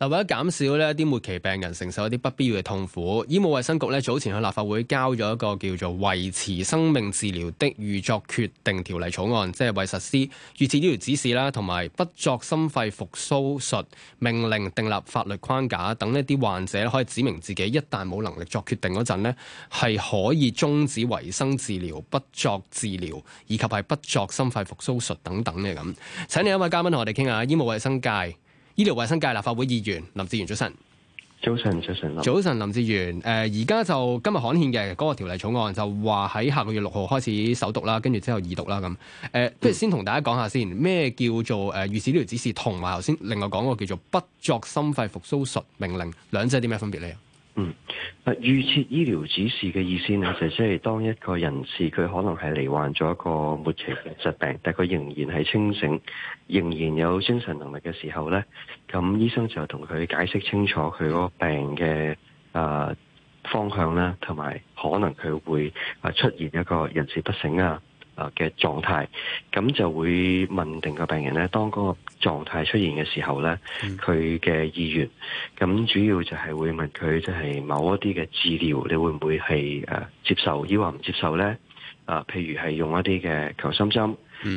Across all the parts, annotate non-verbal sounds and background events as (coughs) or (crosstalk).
嗱，為咗減少呢啲末期病人承受一啲不必要嘅痛苦，醫務衛生局咧早前去立法會交咗一個叫做維持生命治療的預作決定條例草案，即係為實施預設醫療指示啦，同埋不作心肺復甦術命令訂立法律框架，等呢啲患者可以指明自己一旦冇能力作決定嗰陣呢，係可以終止維生治療、不作治療以及係不作心肺復甦術等等嘅咁。請嚟一位嘉賓同我哋傾下醫務衛生界。醫療衛生界立法會議員林哲玄早，早，早晨，早晨早晨林早晨林哲玄，誒而家就今日刊憲嘅嗰個條例草案就話喺下個月六號開始首讀啦，跟住之後二讀啦咁，誒不如先同大家講下先，咩叫做誒預設醫療指示，同埋頭先另外講個叫做不作心肺復甦術命令，兩者有啲咩分別咧？嗯，嗱，預設醫療指示嘅意思呢，就即、是、係當一個人士佢可能係罹患咗一個末期嘅疾病，但佢仍然係清醒，仍然有精神能力嘅時候呢，咁醫生就同佢解釋清楚佢個病嘅啊、呃、方向啦，同埋可能佢會啊出現一個人事不醒啊嘅狀態，咁就會問定個病人呢，當嗰個狀態出現嘅時候呢，佢嘅意願，咁主要就係會問佢即係某一啲嘅治療，你會唔會係、呃、接受？抑或唔接受呢？啊、呃，譬如係用一啲嘅強心針。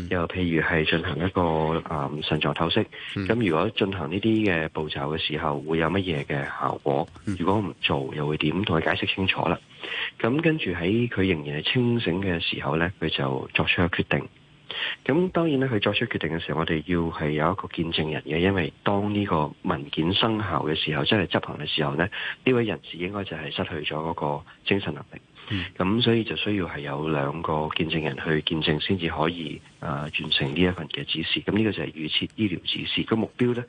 又譬、嗯、如係進行一個誒腎臟透析，咁、嗯、如果進行呢啲嘅步驟嘅時候，會有乜嘢嘅效果？如果唔做，又會點？同佢解釋清楚啦。咁跟住喺佢仍然係清醒嘅時候咧，佢就作出一個決定。咁當然咧，佢作出決定嘅時候，我哋要係有一個見證人嘅，因為當呢個文件生效嘅時候，即係執行嘅時候呢，呢位人士應該就係失去咗嗰個精神能力，咁、嗯、所以就需要係有兩個見證人去見證，先至可以誒、呃、完成呢一份嘅指示。咁呢個就係預設醫療指示嘅目標呢，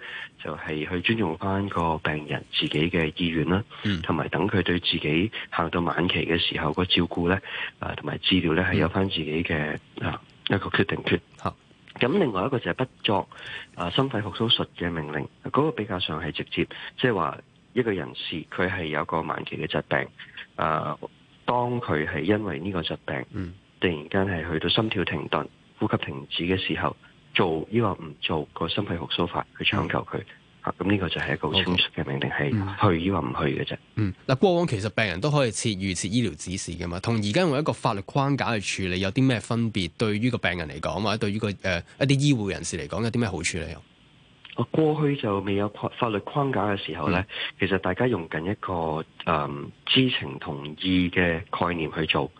就係、是、去尊重翻個病人自己嘅意願啦，同埋等佢對自己行到晚期嘅時候個照顧呢，誒同埋治療呢，係有翻自己嘅。一個決定權，咁另外一個就係不作誒、呃、心肺復蘇術嘅命令，嗰、那個比較上係直接，即係話一個人士佢係有一個晚期嘅疾病，誒、呃，當佢係因為呢個疾病突然間係去到心跳停頓、呼吸停止嘅時候，做呢個唔做個心肺復蘇法去搶救佢。咁呢個就係一個好清晰嘅命令，係 Okay. 去抑或唔去嘅啫。嗯，嗱，過往其實病人都可以設預設醫療指示噶嘛，同而家用一個法律框架去處理有啲咩分別？對於個病人嚟講，或者對於個誒一啲醫護人士嚟講，有啲咩好處咧？哦，過去就未有法律框架嘅時候呢，嗯、其實大家用緊一個誒、嗯、知情同意嘅概念去做，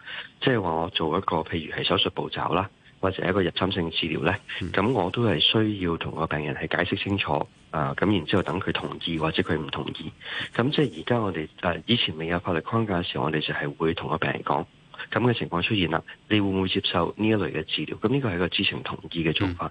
即係話我做一個譬如係手術步驟啦，或者一個入侵性治療呢。咁、嗯、我都係需要同個病人係解釋清楚。啊，咁然之後等佢同意或者佢唔同意，咁即係而家我哋呃以前未有法律框架嘅時候，我哋就係會同個病人講。咁嘅情況出現啦，你會唔會接受呢一類嘅治療？咁呢個係一個知情同意嘅做法。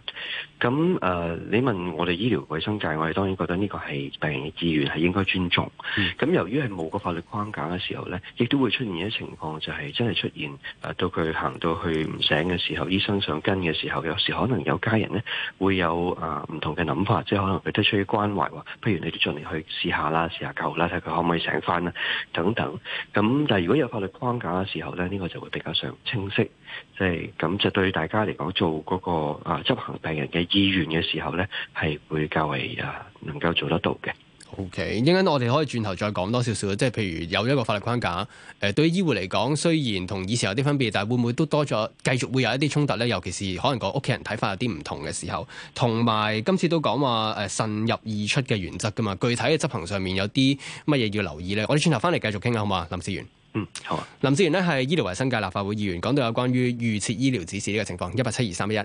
咁誒、嗯呃，你問我哋醫療衞生界，我哋當然覺得呢個係病人嘅意願，係應該尊重。咁、嗯、由於係冇個法律框架嘅時候呢，亦都會出現一啲情況，就係真係出現誒、呃、到佢行到去唔醒嘅時候，醫生想跟嘅時候，有時可能有家人呢會有誒唔、呃、同嘅諗法，即係可能佢都出於關懷話，不如你哋盡力去試下啦，試下救啦，睇佢可唔可以醒翻啦等等。咁但係如果有法律框架嘅時候呢，我就會比較上清晰，即係咁就對大家嚟講做嗰、那個啊執行病人嘅意願嘅時候咧，係會較為啊能夠做得到嘅。O K，一陣間我哋可以轉頭再講多少少，即、就、係、是、譬如有一個法律框架，誒、呃，對於醫護嚟講，雖然同以前有啲分別，但係會唔會都多咗繼續會有一啲衝突咧？尤其是可能個屋企人睇法有啲唔同嘅時候，同埋今次都講話誒，慎入易出嘅原則噶嘛，具體嘅執行上面有啲乜嘢要留意咧？我哋轉頭翻嚟繼續傾下，好嘛，林哲玄。嗯，好啊。林哲玄呢係醫療衛生界立法會議員，講到有關於預設醫療指示呢個情況，一八七二三一一。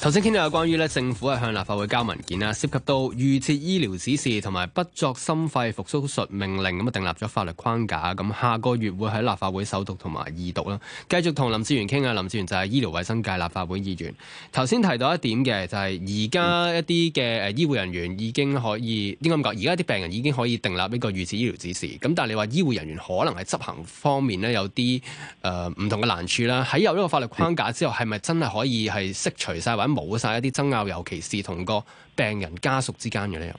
頭先傾到有關於咧政府係向立法會交文件啦，涉及到預設醫療指示同埋不作心肺復甦術命令咁啊，訂立咗法律框架。咁下個月會喺立法會首讀同埋二讀啦。繼續同林哲玄傾啊，林哲玄就係醫療衛生界立法會議員。頭先提到一點嘅就係而家一啲嘅誒醫護人員已經可以應該咁講，而家啲病人已經可以訂立呢個預設醫療指示。咁但係你話醫護人員可能係執行方面咧有啲誒唔同嘅難處啦。喺有呢個法律框架之後，係咪真係可以係釋除？就或者冇晒一啲爭拗，尤其是同個病人家屬之間嘅理由？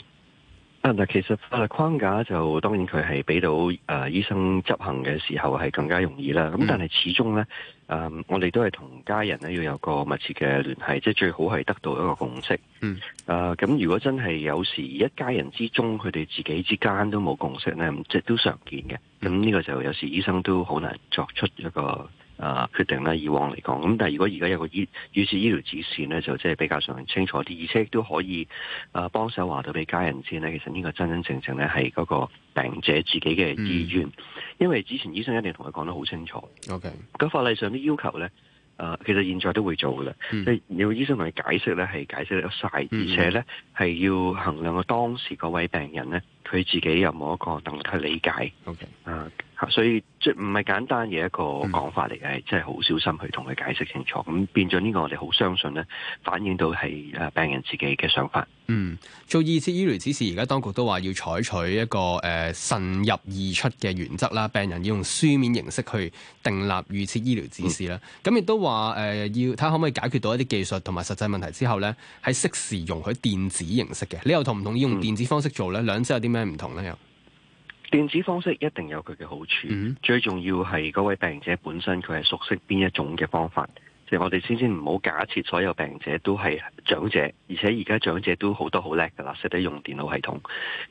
啊，嗱，其實法律框架就當然佢係俾到誒、呃、醫生執行嘅時候係更加容易啦。咁、嗯、但係始終咧，誒、呃、我哋都係同家人咧要有個密切嘅聯繫，即係最好係得到一個共識。嗯、呃。誒，咁如果真係有時一家人之中佢哋自己之間都冇共識咧，即係都常見嘅。咁呢個就有時醫生都好難作出一個啊，決定咧，以往嚟講，咁但係如果而家有個醫，於是醫療指示咧，就即係比較上清楚啲，而且都可以啊幫手話到俾家人知咧，其實呢個真真正正咧係嗰個病者自己嘅意願，嗯、因為之前醫生一定同佢講得好清楚。OK，咁法例上啲要求咧，啊，其實現在都會做噶，即係、嗯、要醫生同你解釋咧，係解釋得晒，而且咧係、嗯、要衡量到當時嗰位病人咧。佢自己有冇一個能去理解？OK。啊，所以即唔係簡單嘅一個講法嚟嘅，即係好小心去同佢解釋清楚。咁變咗呢個，我哋好相信咧，反映到係誒病人自己嘅想法。嗯，做預設醫療指示，而家當局都話要採取一個誒慎、呃、入易出嘅原則啦。病人要用書面形式去訂立預設醫療指示啦。咁亦都話誒要睇下可唔可以解決到一啲技術同埋實際問題之後咧，喺適時容許電子形式嘅。你又同唔同意用電子方式做咧？嗯、兩者有啲咩唔同咧？又電子方式一定有佢嘅好處，mm hmm. 最重要係嗰位病者本身佢係熟悉邊一種嘅方法，即係我哋先先唔好假設所有病者都係長者，而且而家長者都好多好叻㗎喇，識得用電腦系統。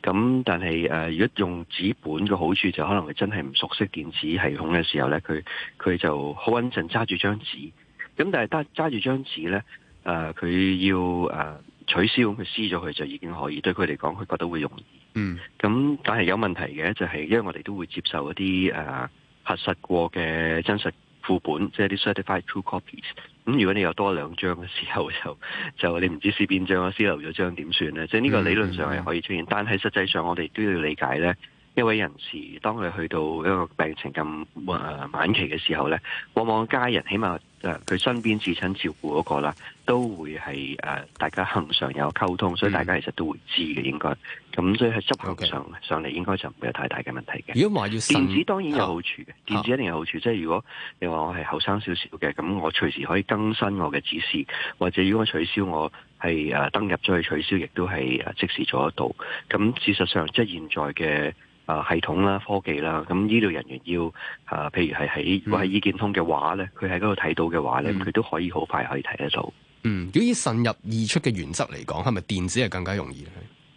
咁但係誒、呃，如果用紙本嘅好處就可能佢真係唔熟悉電子系統嘅時候咧，佢佢就好穩陣揸住張紙。咁但係得揸住張紙咧，誒、呃，佢要誒。呃取消，咁佢撕咗佢就已經可以對佢嚟講佢覺得會容易。嗯，咁但係有問題嘅就係、是、因為我哋都會接受一啲誒、呃、核實過嘅真實副本，即係啲 certified true copies、嗯。咁如果你有多兩張嘅時候，就就你唔知撕邊張啊，撕漏咗張點算咧？即係呢個理論上係可以出現，嗯、但係實際上我哋都要理解咧，一位人士當佢去到一個病情咁、呃、晚期嘅時候咧，往往家人起碼。佢身邊至親照顧嗰、那個啦，都會係誒大家恆常有溝通，所以大家其實都會知嘅、嗯、應該。咁所以喺執行上 Okay. 上嚟應該就唔會有太大嘅問題嘅。如果話要電子，當然有好處嘅，Oh. 電子一定有好處。即係如果你話我係後生少少嘅，咁我隨時可以更新我嘅指示，或者如果取消我係誒登入咗再取消，亦都係即時做得到。咁事實上即係現在嘅。啊，系統啦，科技啦，咁醫療人員要啊、呃，譬如係喺，如果係醫健通嘅話咧，佢喺嗰度睇到嘅話咧，佢、嗯、都可以好快可以睇得到。嗯，如果以慎入易出嘅原則嚟講，係咪電子係更加容易？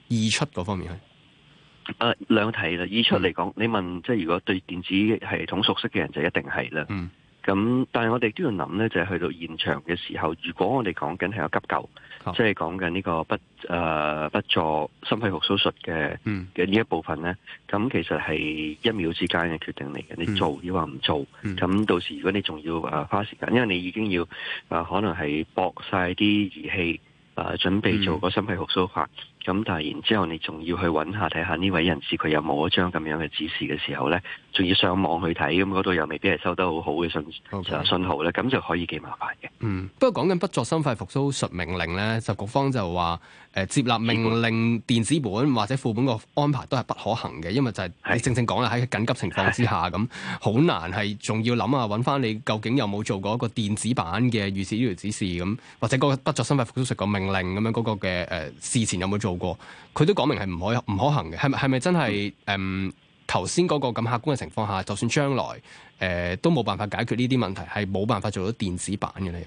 易出嗰方面係？誒、呃，兩題啦，易出嚟講，嗯、你問即係如果對電子系統熟悉嘅人就一定係啦。嗯。咁，但係我哋都要諗呢，就係、是、去到現場嘅時候，如果我哋講緊係有急救，oh. 即係講緊呢個不誒、呃、不做心肺復甦術嘅嘅呢一部分呢，咁其實係一秒之間嘅決定嚟嘅，你做抑或唔做，咁、mm. 到時如果你仲要誒花時間，因為你已經要誒、呃、可能係駁晒啲儀器誒、呃、準備做個心肺復甦法。Mm. 咁但係然之後，你仲要去揾下睇下呢位人士佢有冇一張咁樣嘅指示嘅時候咧，仲要上網去睇，咁嗰度又未必係收得好好嘅信 Okay. 信號咧，咁就可以幾麻煩嘅。嗯，不過講緊不作心肺復甦術命令咧，就局方就話，誒、呃、接納命令電子本或者副本個安排都係不可行嘅，因為就係你正正講啦，喺緊急情況之下咁，好的難係仲要諗下揾翻你究竟有冇做過一個電子版嘅預設醫療指示咁，或者個不作心肺復甦術個命令咁樣嗰個嘅誒、呃、事前有冇做過？過佢都講明係唔可唔可行嘅，係咪係咪真係？嗯，頭先嗰個咁客觀嘅情況下，就算將來誒、呃、都冇辦法解決呢啲問題，係冇辦法做到電子版嘅咧。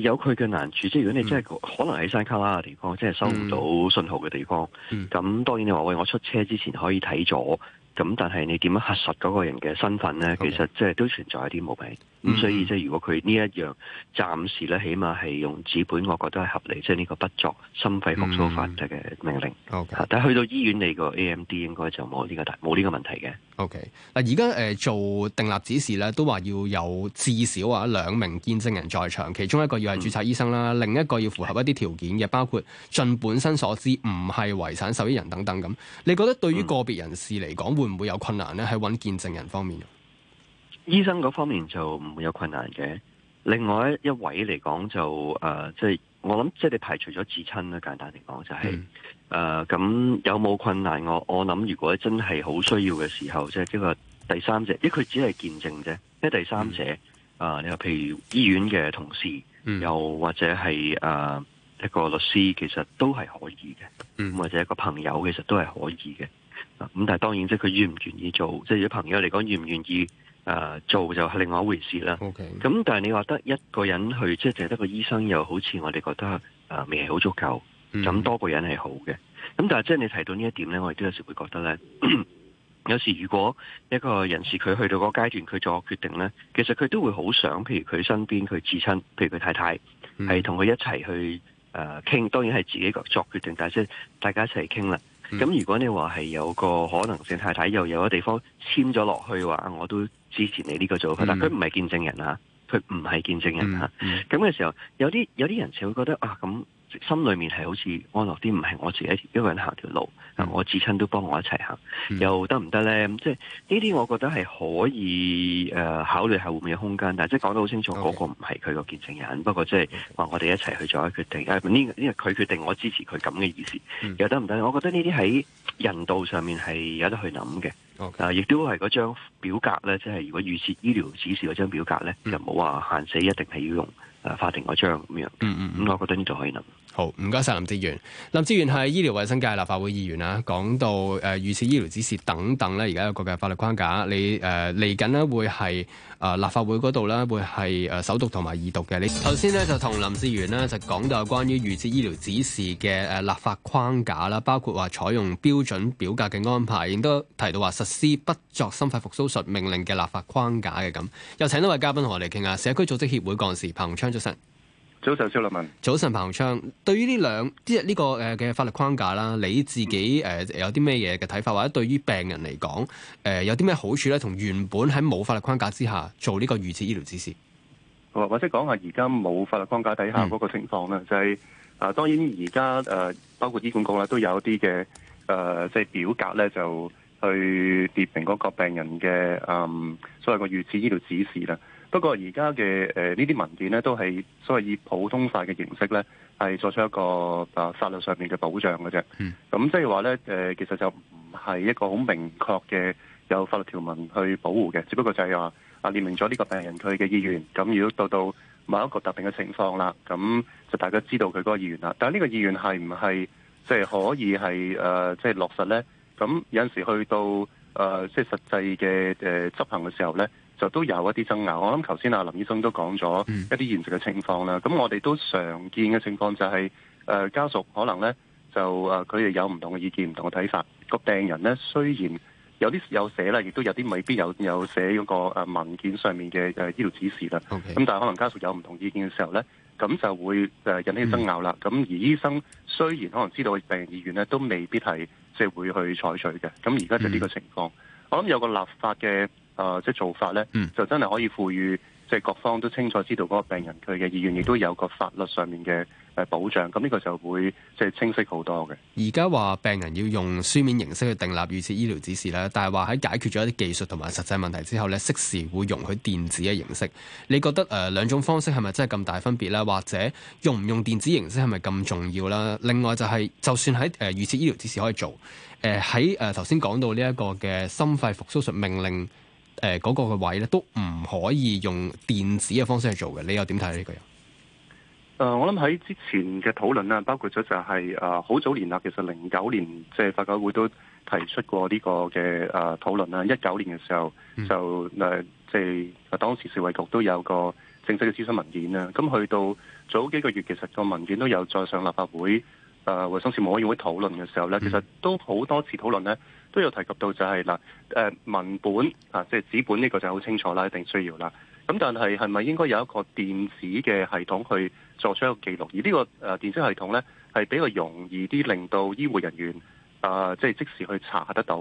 有佢嘅難處，即係如果你真係可能喺山卡拉嘅地方，嗯、即係收唔到信號嘅地方，咁、嗯、當然你話喂，我出車之前可以睇咗，咁但係你點樣核實嗰個人嘅身份咧？其實即係都存在一啲毛病。咁、嗯、所以即係如果佢呢一樣，暫時咧，起碼係用紙本，我覺得係合理，即係呢個不作心肺復甦法嘅命令。好、嗯，okay，但係去到醫院，你個 AMD 應該就冇呢個大冇呢個問題嘅。O K，嗱而家誒做訂立指示咧，都話要有至少啊兩名見證人在場，其中一個要係註冊醫生啦，嗯、另一個要符合一啲條件嘅，包括盡本身所知唔係遺產受益人等等咁。你覺得對於個別人士嚟講，會唔會有困難咧？喺揾見證人方面？醫生嗰方面就唔會有困難嘅。另外一位嚟講就誒，即、呃、係、就是、我諗，即、就、係、是、你排除咗至親啦。簡單嚟講就係、是、誒、咁、mm. 呃、有冇困難？我我諗，如果真係好需要嘅時候，即係呢個第三者，因為佢只係見證啫。即係第三者，誒、mm. 呃，你話譬如醫院嘅同事，mm. 又或者係誒、呃、一個律師，其實都係可以嘅。Mm. 或者一個朋友，其實都係可以嘅。咁但係當然，即係佢願唔願意做，即係有朋友嚟講願唔願意？誒、呃、做就係另外一回事啦。咁 Okay. 但係你話得一個人去，即係淨得個醫生，又好似我哋覺得、呃、未係好足夠。咁、嗯、多個人係好嘅。咁但係即係你提到呢一點咧，我哋都有時會覺得咧， (coughs) 有時如果一個人士佢去到個階段，佢做個決定咧，其實佢都會好想，譬如佢身邊佢至親，譬如佢太太係同佢一齊去誒傾、呃。當然係自己作作決定，但係即係大家一齊傾啦。咁、嗯、如果你話係有個可能性，太太又有一個地方簽咗落去嘅話，我都，支持你呢個做法，但佢唔係見證人啊，佢唔係見證人啊。咁嘅 (music) 時候，有啲有啲人就會覺得啊，咁心裏面係好似安樂啲，唔係我自己一個人行條路。我至親都幫我一齊行，又得唔得咧？嗯、即係呢啲，我覺得係可以誒、呃、考慮下會唔會有空間，但即係講得好清楚，嗰 Okay. 個唔係佢個見證人，不過即係話我哋一齊去做一決定。呢、啊、呢、呢個佢決定，我支持佢咁嘅意思，嗯、又得唔得？我覺得呢啲喺人道上面係有得去諗嘅。亦 Okay.、啊、都係嗰張表格咧，即係如果預設醫療指示嗰張表格咧，嗯、就唔好話限死，一定係要用。法庭嗰張咁樣，嗯，嗯嗯，咁我覺得呢度可以諗。好，唔該晒，林哲玄。林哲玄係醫療衞生界立法會議員啊，講到誒、呃，預設醫療指示等等咧，而家有個嘅法律框架，你誒嚟緊咧會係。誒、呃、立法會嗰度咧，會係誒首讀同埋二讀嘅。你頭先咧就同林哲玄呢就講到有關於預設醫療指示嘅誒、呃、立法框架啦，包括話採用標準表格嘅安排，亦都提到話實施不作心肺復甦術命令嘅立法框架嘅。咁又請多位嘉賓同我哋傾下，社區組織協會幹事彭鴻昌，早晨。早晨，肖立文。早晨，彭鴻昌。對於呢兩，即係呢個誒嘅、這個呃、法律框架啦，你自己誒、呃、有啲咩嘢嘅睇法，或者對於病人嚟講，誒、呃、有啲咩好處咧，同原本喺冇法律框架之下做呢個預設醫療指示，或或者講下而家冇法律框架底下嗰個情況咧，嗯、就係、是、啊、呃，當然而家誒包括醫管局咧都有一啲嘅誒，即、呃、係、就是、表格咧就去列明嗰個病人嘅嗯、呃，所謂個預設醫療指示啦。不過而家嘅誒呢啲文件咧，都係所謂以普通法嘅形式咧，係作出一個誒、啊、法律上面嘅保障嘅啫。嗯。咁即係話咧，誒、呃、其實就唔係一個好明確嘅有法律條文去保護嘅，只不過就係話啊列明咗呢個病人佢嘅意願。咁如果到到某一個特定嘅情況啦，咁就大家知道佢嗰個意願啦。但係呢個意願係唔係即係可以係誒即係落實咧？咁有陣時去到誒即係實際嘅誒、呃、執行嘅時候咧，就都有一啲爭拗，我諗頭先阿林醫生都講咗一啲現實嘅情況啦。咁、嗯、我哋都常見嘅情況就係、是呃，家屬可能呢，就佢哋、呃、有唔同嘅意見、唔同嘅睇法。個病人呢，雖然有啲有寫啦，亦都有啲未必有有寫嗰個文件上面嘅誒醫療指示啦。咁 Okay. 但係可能家屬有唔同意見嘅時候呢，咁就會、呃、引起爭拗啦。咁、嗯、而醫生雖然可能知道病人意願呢都未必係即係會去採取嘅。咁而家就呢個情況，嗯、我諗有個立法嘅。呃、即係做法呢，嗯、就真係可以賦予即係各方都清楚知道嗰個病人佢嘅意願，亦都有個法律上面嘅保障。咁呢個就會即清晰好多嘅。而家話病人要用書面形式去訂立預設醫療指示呢，但係話喺解決咗一啲技術同埋實際問題之後呢，適時會容許電子嘅形式。你覺得誒、呃、兩種方式係咪真係咁大分別呢？或者用唔用電子形式係咪咁重要啦？另外就係、係、就算喺預、呃、預設醫療指示可以做，喺頭先講到呢一個嘅心肺復甦術命令。誒，嗰、呃那個嘅位咧，都唔可以用電子嘅方式去做嘅。你又點睇呢個人？誒、呃，我諗喺之前嘅討論啦，包括咗就係誒好早年啦。其實零九年即係法改會都提出過呢，這個嘅誒、呃、討論啦。一九年嘅時候就誒，即、呃、係、就是、當時食衞局都有個正式嘅諮詢文件啦。咁去到早幾個月，其實個文件都有再上立法會誒、衞、呃、生事務委員會討論嘅時候咧，嗯、其實都好多次討論咧。都要提及到就係啦，誒文本啊，即係紙本呢個就好清楚啦，一定需要啦。咁但係係咪應該有一個電子嘅系統去作出一個記錄？而呢個誒電子系統呢，係比較容易啲，令到醫護人員啊，即係即時去查得到。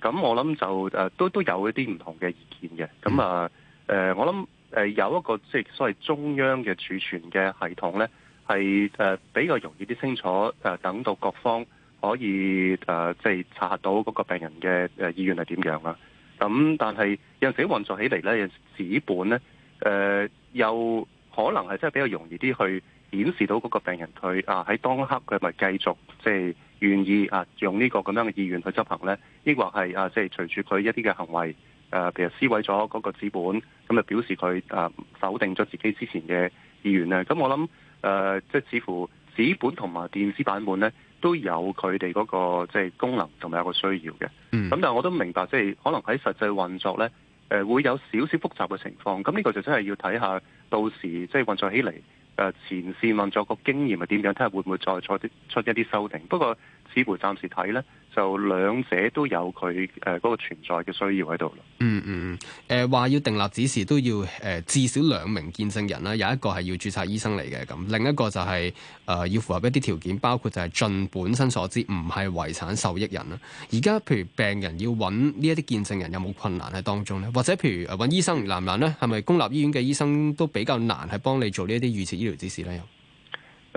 咁我諗就誒都都有一啲唔同嘅意見嘅。咁啊誒，我諗誒有一個即係所謂中央嘅儲存嘅系統呢，係誒比較容易啲清楚誒，等到各方。可以誒，即、呃、係、就是、查核到嗰個病人嘅意願係點樣啊？咁但係有陣時運作起嚟咧，紙本咧誒、呃，又可能係真係比較容易啲去顯示到嗰個病人佢啊喺當刻佢係咪繼續即係願意啊用呢個咁樣嘅意願去執行咧，抑或係啊即係隨住佢一啲嘅行為誒，譬、呃、如撕毀咗嗰個紙本，咁就表示佢啊、呃、否定咗自己之前嘅意願咧。咁我諗誒，即、呃、係、就是、似乎紙本同埋電子版本咧。都有佢哋嗰個即係、就是、功能同埋有個需要嘅，咁、嗯、但係我都明白即係、就是、可能喺實際運作呢，呃、會有少少複雜嘅情況。咁呢個就真係要睇下到時即係、就是、運作起嚟、呃，前線運作個經驗係點樣，睇下會唔會再出一啲修訂。不過似乎暫時睇呢。就兩者都有佢誒嗰個存在嘅需要喺度，嗯嗯嗯，誒、嗯、話、呃、要訂立指示都要誒、呃、至少兩名見證人啦，有一個係要註冊醫生嚟嘅，咁，另一個就係、是、誒、呃、要符合一啲條件，包括就係盡本身所知唔係遺產受益人啦。而家譬如病人要揾呢一啲見證人有冇困難喺當中咧？或者譬如揾醫生難唔難咧？係咪公立醫院嘅醫生都比較難係幫你做呢一啲預設醫療指示咧？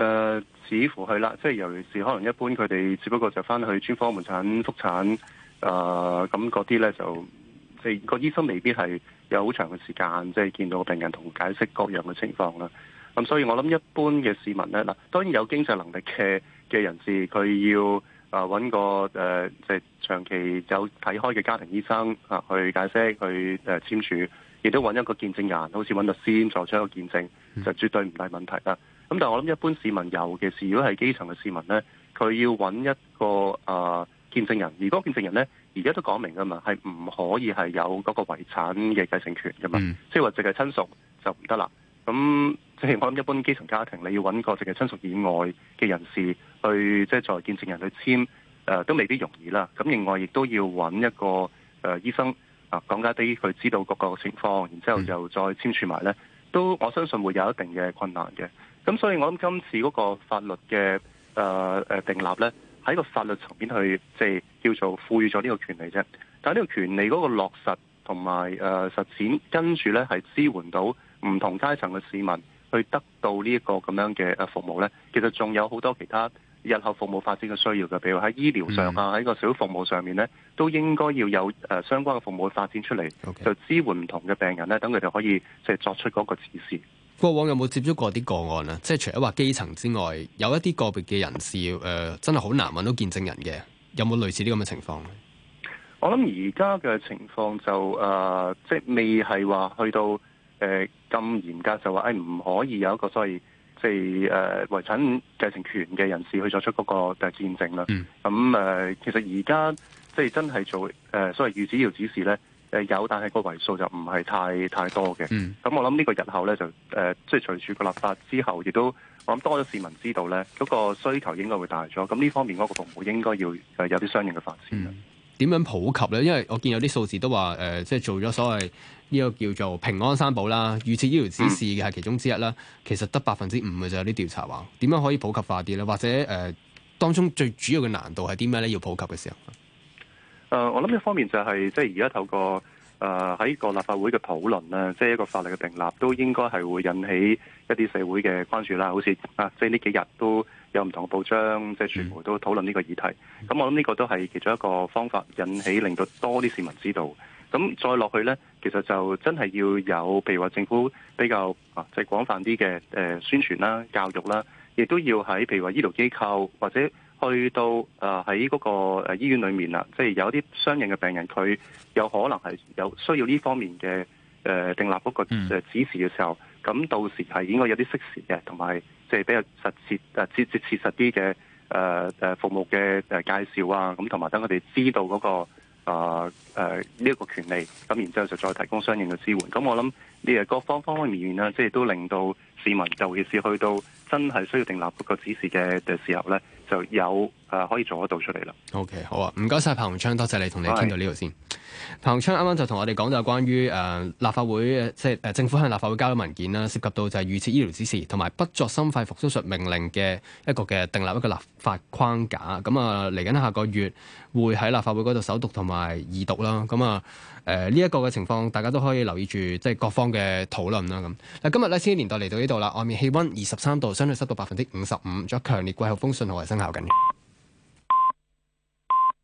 誒、呃，似乎係啦，即係尤其是可能一般佢哋，只不過就翻去專科門診覆診，誒、呃，咁嗰啲咧就，即係個醫生未必係有好長嘅時間，即係見到個病人同解釋各樣嘅情況啦。咁、嗯、所以我諗，一般嘅市民咧，嗱，當然有經濟能力嘅嘅人士，佢要誒揾個誒即係長期有睇開嘅家庭醫生啊，去解釋，去誒簽署，亦都揾一個見證人，好似揾律師做出一個見證，就絕對唔係問題啦。咁但係我諗一般市民，尤其係如果係基層嘅市民咧，佢要揾一個啊、呃、見證人。而嗰個見證人咧，而家都講明噶嘛，係唔可以係有嗰個遺產嘅繼承權噶嘛，mm. 即係話淨係親屬就唔得啦。咁即係我諗一般基層家庭，你要揾個淨係親屬以外嘅人士去即係作為見證人去簽，誒、呃、都未必容易啦。咁另外亦都要揾一個誒、呃、醫生啊、呃、講解畀佢知道嗰個情況，然之後又再簽署埋咧，mm. 都我相信會有一定嘅困難嘅。咁所以我諗今次嗰個法律嘅誒、呃呃、定立咧，喺個法律層面去即係、就是、叫做賦予咗呢個權利啫。但係呢個權利嗰個落實同埋誒實踐，跟住咧係支援到唔同階層嘅市民去得到呢一個咁樣嘅服務咧。其實仲有好多其他日後服務發展嘅需要嘅，譬如喺醫療上啊，喺、嗯、個小服務上面咧，都應該要有誒、呃、相關嘅服務發展出嚟，Okay. 就支援唔同嘅病人咧，等佢哋可以即係、呃、作出嗰個指示。過往有冇接觸過啲個案啊？即係除咗話基層之外，有一啲個別嘅人士誒、呃，真係好難揾到見證人嘅。有冇類似呢咁嘅情況？我諗而家嘅情況就誒、呃，即係未係話去到誒咁、呃、嚴格，就話誒唔可以有一個所謂即係誒、呃、遺產繼承權嘅人士去作出嗰個誒見證啦。咁誒、嗯呃，其實而家即係真係做誒、呃、所謂預設醫療指示咧。誒有，但係個位數就唔係太太多嘅。咁、嗯、我諗呢個日後咧就誒，即、呃、係、就是、隨處個立法之後，亦都我諗多咗市民知道咧，嗰、那個需求應該會大咗。咁呢方面嗰個服務應該要有啲相應嘅發展啦。點、嗯、樣普及咧？因為我見有啲數字都話誒、呃，即係做咗所謂呢個叫做平安三保啦，預設醫療指示嘅係其中之一啦。嗯、其實得百分之五嘅就有啲調查話，點樣可以普及化啲咧？或者誒、呃，當中最主要嘅難度係啲咩咧？要普及嘅時候？誒、呃，我諗一方面就係、是，即係而家透過誒喺、呃、個立法會嘅討論咧，即係一個法律嘅訂立，都應該係會引起一啲社會嘅關注啦。好似啊，即係呢幾日都有唔同嘅報章，即係傳媒都討論呢個議題。咁我諗呢個都係其中一個方法，引起令到多啲市民知道。咁再落去呢，其實就真係要有，譬如話政府比較啊，即、就、係、是、廣泛啲嘅誒宣傳啦、教育啦，亦都要喺譬如話醫療機構或者去到啊喺嗰個誒醫院裏面啦，即係有啲相應嘅病人，佢有可能係有需要呢方面嘅誒訂立嗰個指示嘅時候，咁到時係應該有啲適時嘅，同埋即係比較實切誒切切切實啲嘅誒誒服務嘅誒介紹啊，咁同埋等我哋知道嗰個啊呢一個權利，咁然之後就再提供相應嘅支援。咁我諗呢個各方方面面啦，即係都令到市民就越是去到，真係需要訂立一個指示嘅嘅時候呢，就有誒、啊、可以做得到出嚟啦。OK，好啊，唔該晒。彭鴻昌，多謝你同你傾到呢度先。是彭鴻昌啱啱就同我哋講就係關於、呃、立法會即係、呃、政府向立法會交咗文件啦，涉及到就係預設醫療指示同埋不作心肺復甦術命令嘅一個嘅訂立一個立法框架。咁啊，嚟緊下個月會喺立法會嗰度首讀同埋二讀啦。咁啊，誒呢一個嘅情況，大家都可以留意住即係各方嘅討論啦。咁嗱，今日呢，千禧年代嚟到呢度啦，外面氣温二十三度。相對濕度百分之五十五，仲有強烈季候風信號喺生效緊。